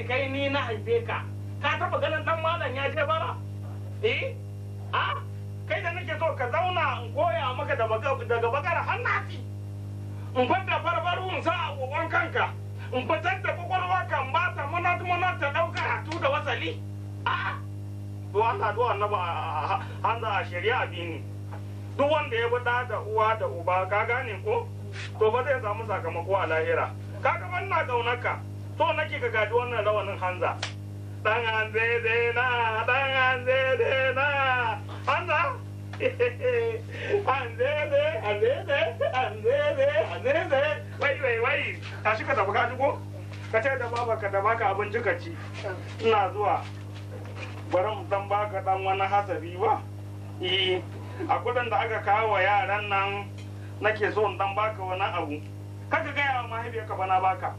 ne kai ni na haife ka ka taba ganin dan malam ya je bara eh a kai da nake so ka zauna in koya maka daga bakar har in fadda barbaru in sa a kanka in fitar da kwakwalwa kan ba ta manat manat ta dauka hatu da wasali a to Allah an shari'a bini duk wanda ya bada da uwa da uba ka gane ko to ba zai samu sakamako a lahira kaga wannan kaunarka so nake ka gaji wannan rawanin hanza dan hanze zai na dan hanze zai na hanza hanze zai hanze zai hanze zai hanze zai wai wai wai tashi ka tafi ka ko ka ce da baba ka da baka abinci ka ci ina zuwa bari mu dan baka dan wani hasabi ba eh a kudin da aka kawo wa yaran nan nake so in dan baka wani abu kaka gaya wa mahaifiyarka bana baka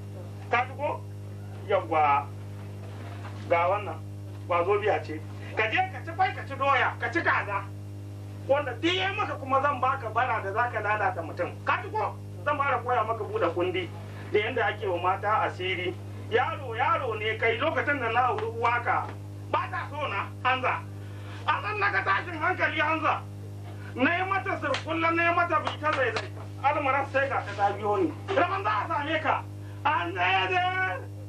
yawwa ga wannan wazobiya ce ka je ka ci kwai ka ci doya ka ci kaza wanda duk yayi maka kuma zan baka bara da zaka lalata mutum ka ji ko zan fara koya maka buɗe kundi da yanda ake wa mata asiri yaro yaro ne kai lokacin da na auri uwaka ba ta so na hanza a san na ka tashin hankali hanza na yi mata sirkulla na yi mata bita zai zai almarar sai ga ta biyo ni rabon za a same ka an zai